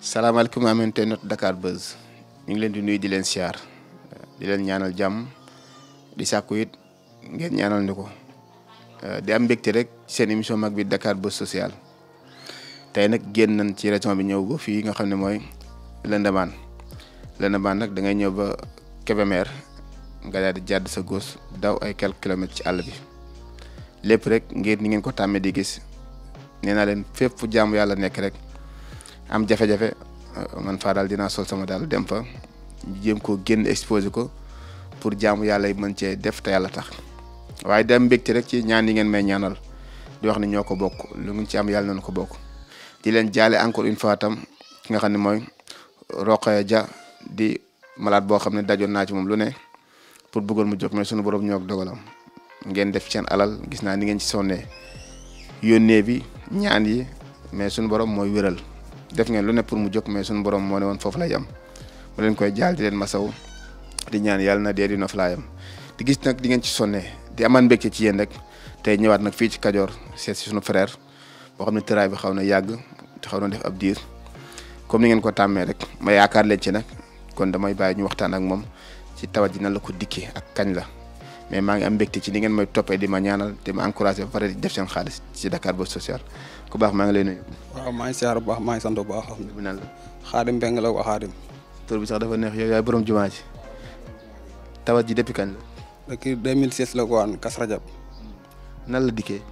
salaamaaleykum amante not Dakar Buzz ñu ngi leen di nuyu di leen siyaar di leen ñaanal jàmm di sàkku it ngeen ñaanal ni ko eh, di am mbégte rek seen émission mag bi Dakar Buzz social tey nag génn nañ ci région bi ñëw ba fii nga xam ne mooy Lëndëmaan Lëndëmaan nag da ngay ñëw ba Kébémer nga daal di jàdd sa gos daw ay quelques kilomètres ci àll bi lépp rek ngir ni ngeen ko tàmmee di gis nee naa leen fépp fu jàmm yàlla nekk rek. am jafe-jafe euh, man faa daal dinaa sol sama daal dem fa jéem koo génn exposé ko pour jaamu yàlla yi mën cee def te yàlla tax waaye dem mbégte rek ci ñaan yi ngeen may ñaanal di wax ne ñoo ko bokk lu ngeen ci am yàlla nañu ko bokk di leen jaale encore une fois tam ki nga xam ne mooy Roqaya Ja di malaat boo xam ne dajoon naa ci moom lu ne pour bëggoon mu jóg mais sunu borom ñoo dogalam ngeen def ceen alal gis naa ni ngeen ci sonnee yónnee bi ñaan yi mais sunu borom mooy wéral def ngeen lu ne pour mu jóg mais suñu borom moo ne woon foofu lay am mu leen koy jaal di leen masaw di ñaan yàlla na dee di nof laayam di gis nag di ngeen ci sonne di amaan mbégte ci yéen rek tey ñëwaat nag fii ci Kajoor seet si suñu boo xam ne tëraay bi xaw na yàgg te xaw na def ab diir comme ni ngeen ko tàmmee rek ma yaakaar leen ci nag kon damay bàyyi ñu waxtaan ak moom ci tawat ji na la ko dikkee ak kañ la mais maa ngi am mbégte ci ni ngeen may toppee di ma ñaanal te ma encouragé ba pare di def seen xaalis ci ku baax maa ngi lay nuyu. waaw maa ngi siyaar bu baax maa ngi baax. xaadim Mbeng la ko xaadim. tur bi sax dafa neex yow yaay borom jumaa ji tawat ji depuis kañ la. kii la ko waan Kas Rajab. nan la dikkee.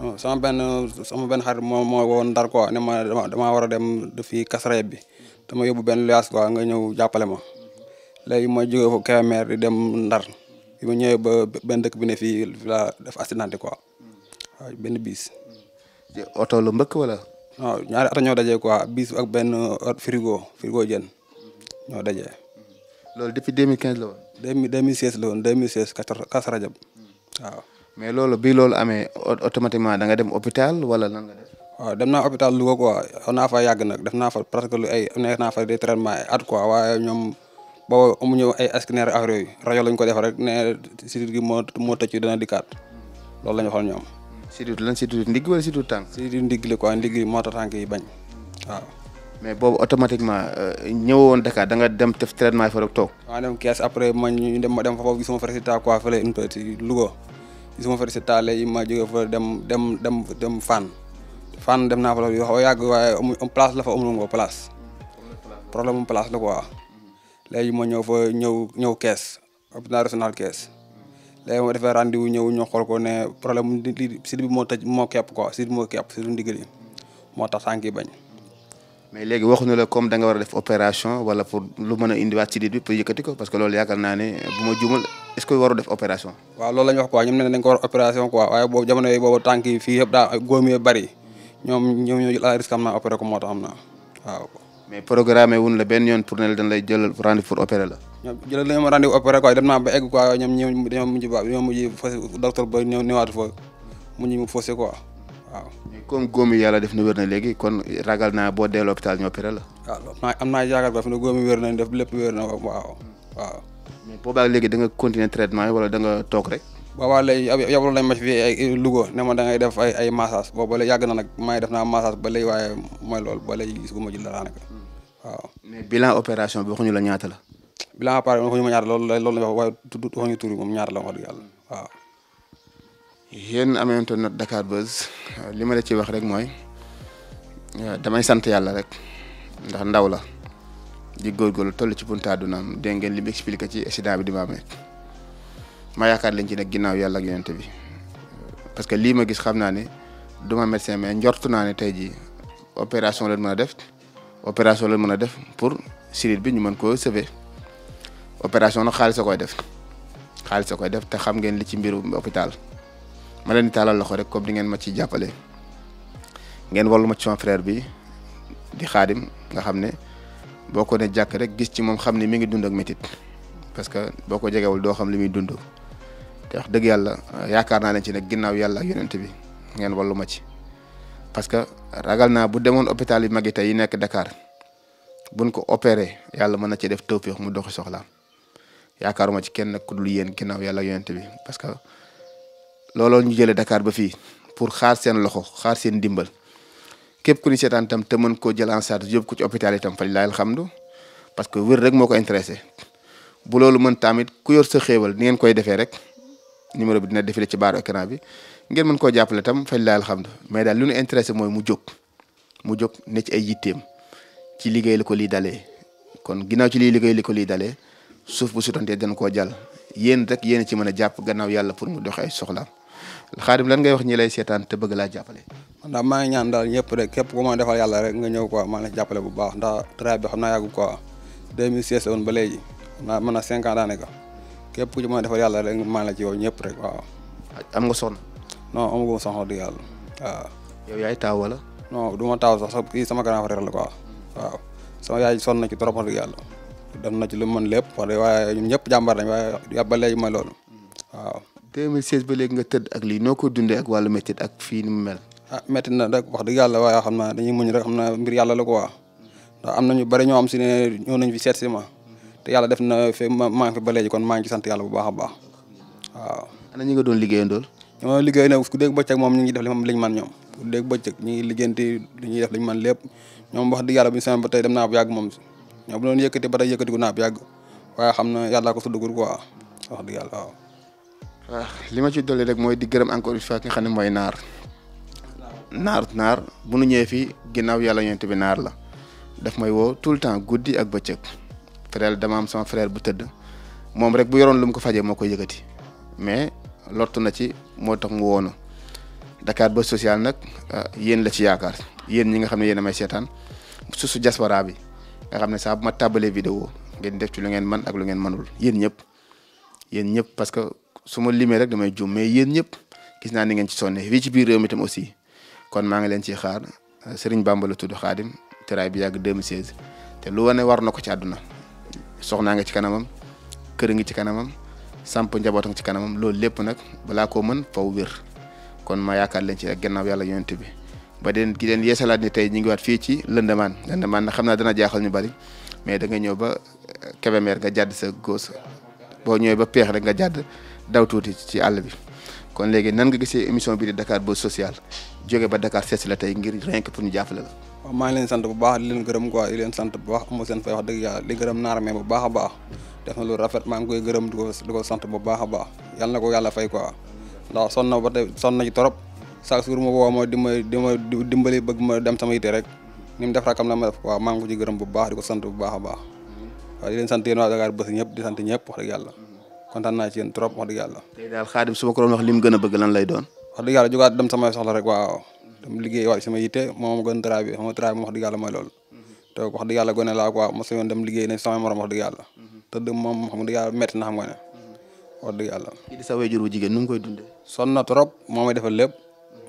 Oh, sama benn sama benn xarit moo moo woon ndar quoi ne ma dama damaa war a dem fii Kas Rajab bi dama yobu benn luyaas quoi nga ñëw jàppale ma léegi ma jógee ko Kébémer di dem ndar. bi ma ñëwee ba benn dëkk bi ne fii laa def accidenté quoi hmm. benn biis. Hmm. oto la mbëkk wala. non ñaari oto ñoo daje quoi biis ak benn uh, frigo frigo jën hmm. ñoo daje. loolu depuis 2015 la woon. 2016 la woon 2016 Kazu Rajab waaw. mais loolu bi loolu amee automatiquement da nga dem hôpital wala lan nga def. waaw dem naa hôpital Louga quoi xaw naa fa yàgg nag def naa fa presque lu ay nekk naa fa des traitements ay waaye ñoom. booba amuñu ay scanner ak yooyu rajo lañ ko defar rek ne sidit gi moo moo tëcc dana dikkaat loolu la ñu xool ñoom. sidit lan sidit ndigg wala sidit tànk. sidit ndigg la quoi ndigg moo tax tànk yi bañ waaw. mais boobu automatiquement euh, ñëwoon Dakar da nga dem def traitement fa rek toog. maa dem kees après ma ñu dem ma dem fa foofu gisuma fa résultat quoi fële une petite Louga gisuma fa dem dem dem dem Fann Fann dem naa fa la yoo xam yàgg waaye place la fa amul woon place. problème place la quoi. léegi ma ñëw fa ñëw ñëw kees hôpital régional kees léegi ma defee rendez-vous ñëw ñoo xool ko ne problème li si bi moo tëj moo kepp quoi si moo kepp moo tax tànk yi bañ. mais léegi waxuñu la comme da nga war a def opération wala pour lu mën a indiwaat sidit bi pour yëkkati ko parce que lool yaakaar naa ne bu opération. waaw loolu la ñu wax quoi ñoom nee nañ ko war opération quoi waaye boobu jamono yooyu boobu daa góom yi bëri ñoom ñoo ñoo jël à risque am naa opéré ko moo tax am naa waaw. mais programme wuñ la benn yoon pour ne la dañ lay jël rendez-vous pour opérer la. ñoom jël nañu ma rendez ba egg quoi ñoom ñoom dañoo mujj ba dañoo mujj fas docteur ba ñëw mu ñu faussé quoi waaw. yàlla def na wér na léegi kon ragal naa boo delloo hôpital ñu opéré la. waaw ah, am naa yaakaar ba fi ne góomi wér nañ def lépp wér na waaw waaw. mais boobaa léegi da nga continuer traitement wala da toog rek. boobaa léegi yabaloon nañ ma fi ay ma da ngay def ay ay massage boobu ba léegi yàgg na nag maa def naa massage ba lay waaye mooy lool ba léegi gisuma ci dara nag waaw. mais bilan opération bi waxuñu la ñaata la. bilan appareil waxuñu ma ñaata loolu la loolu la wax tur bi moom ñaata la wax dëgg yàlla waaw. Dakar Buzz li ma la ci wax rek mooy euh, damay sant yàlla rek ndax ndaw la di góorgóorlu toll ci buntu àddunaam dégg ngeen li mu expliqué ci accident bi di ma amee ma yaakaar lañ ci nag ginnaaw yàlla ak bi parce que lii ma gis xam naa ne du ma médecin mais njortu naa ne tey jii opération la mën a def. opération la mën a def pour sidit bi ñu mën koo sauver opération nag xaalis a koy def xaalis a koy def te xam ngeen li ci mbiru hôpital ma leen di taalal loxo rek comme di ngeen ma ci jàppale ngeen wallu ma ci sama frère bi di xaadim nga xam ne boo ko ne jàkk rek gis ci moom xam ne mi ngi dund ak métit parce que boo ko jegewul doo xam li muy dund te wax dëgg yàlla yaakaar naa leen ci nag ginnaaw yàlla ak yonent bi ngeen wallu ma ci parce que ragal naa bu demoon hôpital yu mag yi tey yi nekk dakaar buñ ko opéré yàlla mën na ci def tawfeex mu doxi soxlaam yaakaaruma ci kenn ku dul yéen ginnaaw yàlla yonent bi parce que looloo ñu jëlee Dakar ba fii pour xaar seen loxo xaar seen dimbal képp ku ni seetaan itam te mën koo jël en charge yóbbu ko ci hôpital itam fa lillahi alhamdu parce que wér rek moo ko intéressé bu loolu mën tamit ku yor sa xéewal ni ngeen koy defee rek numéro bi dina défilé ci baaru écran bi ngeen mën koo jàppale tam faj la alhamdu mais daal lu ñu intéressé mooy mu jóg mu jóg ne ci ay yitteem ci liggéey li ko lii dalee kon ginnaaw ci lii liggéey li ko lii dalee suuf bu sutantee dañ koo jàll yéen rek yéen ci mën a jàpp gannaaw yàlla pour mu doxe ay soxlaam xaadim lan ngay wax ñi lay seetaan te bëgg laa jàppale. man daal maa ñaan daal ñëpp rek képp ku ma defal yàlla rek nga ñëw quoi maa ngi jàppale bu baax ndax travail bi xam naa yàggu quoi 2016 woon ba léegi naa mën na 5 ans daanaka képp ku ci mën a defal yàlla rek maa ngi la ci yow ñëpp rek waaw. am nga soxna. non amaguma sax wax dëgg yàlla waaw. yaay taaw wala. non du ma taaw sax sax kii sama grand frère la quoi waaw sama yaay sonn na ci trop wax dëgg yàlla dem na ci lu mën lépp wax dëgg ñëpp jàmbaar nañ waaye yàbba léegi ma loolu ba léegi nga tëdd ak lii noo ko dundee ak wàllu métti ak fii ni mu mel. ah métti na rek wax dëgg yàlla waaye xam naa dañuy muñ rek xam na mbir yàlla la quoi ndax am na ñu bëri ñoo am si ne nañ fi seet si ma te yàlla def na fi ma maa ngi ba léegi kon maa ngi ci sant yàlla bu baax a baax waaw. ana ñi nga doon liggéeyandool. ñoo liggéey nag ku dégg bëccëg moom ñu ngi def li ñu man ñoom ku ñu ngi liggéeyanti man lépp ñoom wax dëgg yàlla bu ñu ba tey dem naa bu yàgg moom ñoom bu doon yëkkati ba tey yëkkati ko naa bu yàgg waaye na yàllaa ko tuddagul quoi wax dëgg yàlla waaw ah, li ma ci dolli rek mooy di gërëm encore une fois ki nga ne mooy naar naar naar bu nu ñëwee fii ginnaaw yàlla ñoom bi naar la daf may woo tout le temps guddi ak bëccëg frère dama am sama frère bu tëdd moom rek bu yoroon lu mu ko fajee moo koy yëkkati mais lott na ci moo tax mu woonu Dakar ba Social nag ah, yéen la ci yaakaar yéen ñi nga xam ne yéen a may seetaan su diaspora bi nga xam ne saa bu ma tàbbalee vidéo ngeen def ci lu ngeen man ak lu ngeen manul yéen ñëpp yéen ñëpp parce que su ma limee rek damay juum mais yéen ñëpp gis naa ni ngeen ci sonne fii ci biir réew mi tam aussi kon maa ngi leen ciy xaar Serigne Bamba la tudd Xaadim teraay bi yàgg 2016 te lu wane war na ko ci àdduna soxnaa nga ci kanamam kër ngi ci kanamam samp njabootam ci kanamam loolu lépp nag balaa ko mën faw wér kon ma yaakaar leen ci gennaaw gannaaw yàlla yonent bi ba den ki den yeesalaat ni tey ñu ngi waat fii ci lëndamaan lëndamaan na xam naa dana jaaxal ñu bari mais da nga ñëw ba eh, Kébémer nga jàdd sa góos boo ñëwee ba peex rek nga jàdd daw tuuti ci àll bi kon léegi nan nga gisee émission bi di Dakar Buzz Social jóge ba Dakar seet si la tey ngir rien que pour jàppale la. waaw leen sant bu baax leen gërëm quoi di leen sant bu baax amoo seen fay wax dëgg yàlla di gërëm naar mee bu baax a baax. def na lu rafet maa ngi koy gërëm di ko di sant bu baax a baax yàlla na ko yàlla fay quoi ndax sonn na ba tey sonn na ci trop chaque jour ma woo ma di ma di ma dimbali bëgg ma dem sama yite rek ni mu def rakam la ma def waaw bu baax ko sant bu baax a baax waaw di ñëpp di sant ñëpp yàlla kontaan naa ci yéen trop wax daal xaadim su ma ko doon gën a bëgg lan lay doon. wax dëgg yàlla jógaat dem samay soxla rek waaw dem liggéey waaye sama yite moom gën travail bi sama travail moom wax dëgg yàlla mooy loolu mhm. te wax dëgg gone laa quoi mos yoon dem liggéey ne samay morom wax dëgg te tëdd moom xam nga yàlla na xam nga ne mm-hmm. wax di sa wéjur bu jigéen nu ngi koy dundee. sonn na trop moo may defal lépp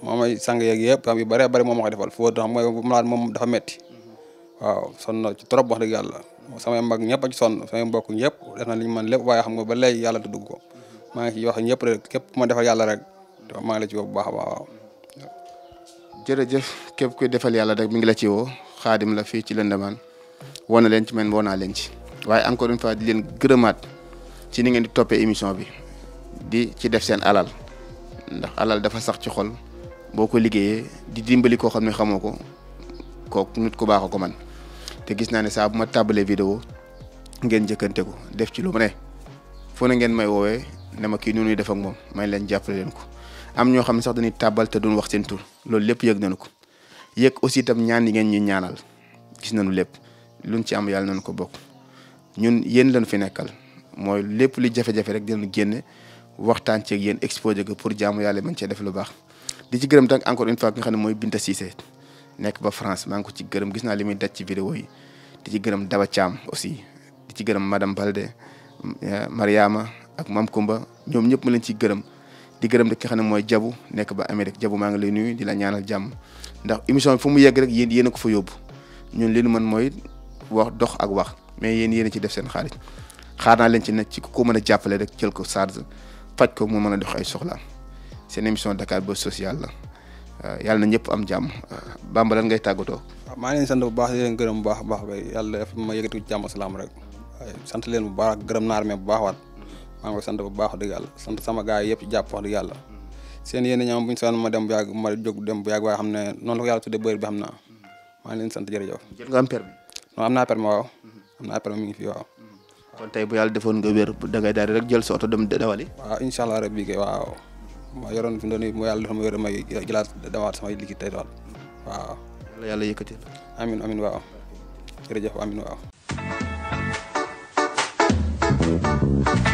moom may sang yeeg yëpp yu bëree bare moom ma koy defal foo xam mooy malade moom dafa metti mm-hmm. waaw son na ci trop wax dëgg yàlla samay mag ñëpp a ci sonn samay mbokk ñëpp def na li ñu mën lépp waaye xam nga ba léegi yàlla tudd ko mm-hmm. maa ngi ñëpp rek képp ku ma defal yàlla rek maa la ci woo bu baax a baax waaw. kuy defal yàlla rek mi ngi la ci woo xaadim la fii ci lëndamaan woo na leen ci men woo naa leen ci waaye encore une fois di leen gërëmaat ci ni ngeen di toppee émission bi di ci def seen alal ndax alal dafa sax ci xol boo ko liggéeyee di dimbali koo xam ne xamoo ko kooku nit ku baax a ko man te gis naa ne saa bu ma tàbbalee vidéo ngeen jëkkante ko def ci lu ma ne foo ne ngeen may woowee ne ma kii nu ñuy def ak moom may leen jàppale leen ko am ñoo xam ne sax dañuy tàbbal te duñ wax seen loolu lépp yëg nañu ko yëg aussi itam ñaan ñi ngeen ñu ñaanal gis nañu lépp luñ ci am yàlla nañu ko bokk. ñun yéen lañ fi nekkal mooy lépp li jafe-jafe rek dinañ génne waxtaan ceeg yéen exposé ko pour jaamu yàlla mën cee def lu baax di ci gërëm tak encore une fois ki ne mooy Binta Cissé nekk ba France maa ngi ko ci gërëm gis naa muy daj ci vidéo di ci gërëm Daba Thiam aussi di ci gërëm madame Balde euh, Mariama ak Mam Kumba ñoom ñëpp ma leen ci gërëm di gërëm de ki xam ne mooy jabu nekk ba Amérique jabu maa ngi lay nuyu di la ñaanal jàmm ndax émission bi mu yegg rek yéen yéen a ko yóbbu ñun li man mooy wax dox ak wax mais yéen yéen a ci def seen xaalis xaar naa leen ci nag ko mën a jàppale rek jël ko charge faj ko mu mën a dox ay soxla seen émission Dakar Buzz social la euh, yàlla na ñëpp am jàmm euh, Bamba lan ngay tàggatoo. waaw maa ngi leen bu baax gërëm bu baax a baax yàlla ma yëkkati ci jàmm salaam rek sant leen bu baax gërëm naa armée bu baax waat maa ngi koy bu baax wax dëgg yàlla sant sama gaa yi yëpp jàpp wax dëgg yàlla seen yéen ñaam bu ñu soxla ma dem bu yàgg ma jóg dem bu yàgg xam ne noonu la ko yàlla tuddee bëri bi xam na maa ngi sant jërëjëf. jël nga am permis. non xam naa après mi fi waaw. Mm-hmm. kon tey bu yàlla defoon nga wér da ngay daal rek jël sa oto dem dawali. waaw incha allah rabbi kay waaw ma yoroon fi mu doon mooy yàlla defoon ma wér ma jëlaat dawaat samay liggéey tey daal waaw. yàlla yàlla yëkkati la. amiin amiin waaw jërëjëf